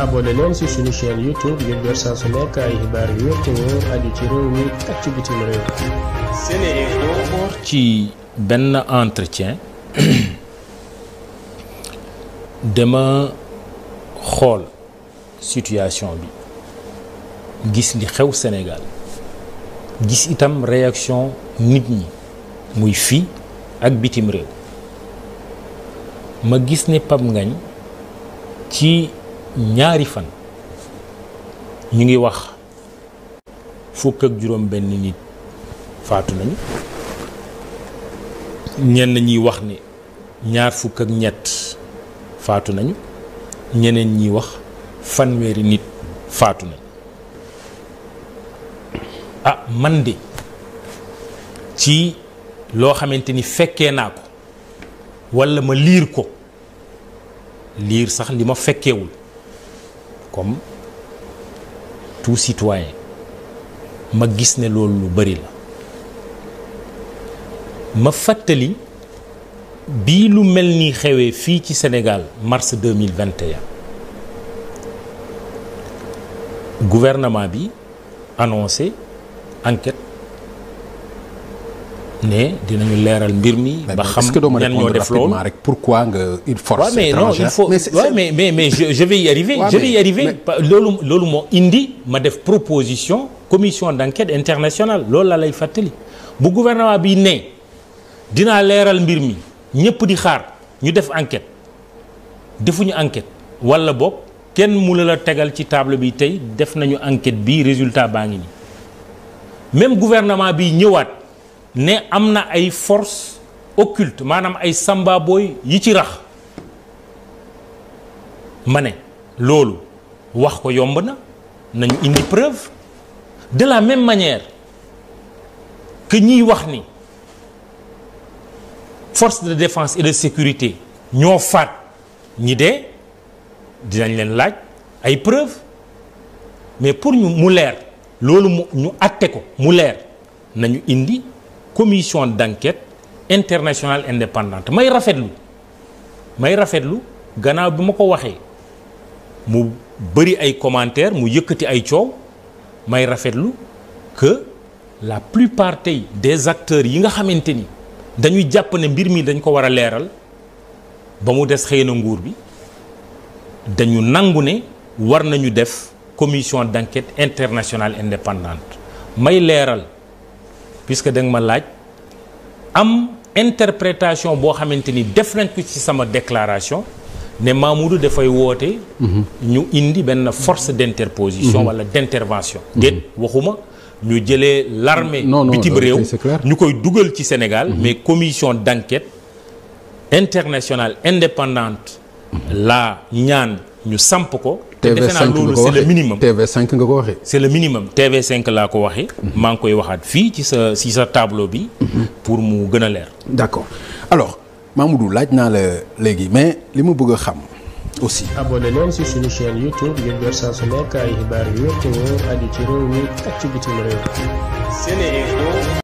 abonné leen ci suñu yu wér ci réew ci benn entretien dema xool situation bi gis li xew Sénégal gis itam réaction nit ñi muy fi ak bitim réew ma gis ne Pape Ngagne ci. ñaari fan ñu ngi wax fukk ak nit faatu nañu ñenn ñi wax ni ñaar faatu nañu ñeneen ñi wax fanweeri nit faatu nañu ah man de ci loo xamante ni fekkee naa ko walla ma liir ko liir sax li ma fekkewul comme tout citoyen ma gis ne loolu lu bari la ma fàttali bii lu mel ni xewee fii ci Sénégal mars 2021 gouvernement bi annoncé enquête ne dinañu leeral mbir mi. ba xam ñan ñoo def loolu rek pourquoi nga une force ouais, mais étrangère non mais ouais, mais, mais mais je vais y arriver. je vais y arriver loolu loolu moo indi ma def proposition commission d'enquête internationale loolu la lay fàttali bu gouvernement bi ne dinaa leeral mbir mi ñëpp di xaar ñu def enquête defuñu enquête wala boog kenn mu la la tegal ci table bi tey def nañu enquête bi résultat baa ngi nii même gouvernement bi ñëwaat. ne am na ay force occulte maanaam ay samba booy yi ci rax ma ne loolu wax ko yomb na nañu indi preuve de la même manière que ñiy wax ni force de défense et de sécurité ñoo faat ñi dee dinañ leen laaj ay preuve mais pour ñu mu leer loolu mu ñu àtte ko mu leer nañu indi commission d'enquête international indépendante may rafetlu may rafetlu gannaaw bi ma ko waxee mu bëri ay commentaires mu yëkkati ay coow may rafetlu que la plupart tey des acteurs yi nga xamante ni dañuy jàpp ne mbir mi dañ ko war a leeral ba mu des xëy na nguur bi dañu nangu ne war nañu def commission d'enquête internationale indépendante may leeral puisque da nga ma laaj am interprétation boo xamante ni def nañ ko ci sama déclaration ne Mamoudou dafay woote. ñu indi benn force d' interposition. Mhm. wala d' intervention. Mhm. déet waxuma ñu jëlee l'armée bitim euh, réew ñu koy dugal ci Sénégal. Mhm. mais commission d' enquête internationale indépendante. la ñaan ñu samp ko. te defe naa loolu c'est le minimum tv nga ko waxee. c'est le minimum TV5 laa ko waxee. maa ngi koy waxaat fii ci sa ci sa tableau bi. pour mu gën a leer. d'accord alors Mamoudou laaj naa la léegi mais li ma bëgg a xam aussi. abonné lool si suñu chaîne YouTube ngir jot saa ay xibaar yu wér te wóor aju ci réew mi ak ci bitim réew.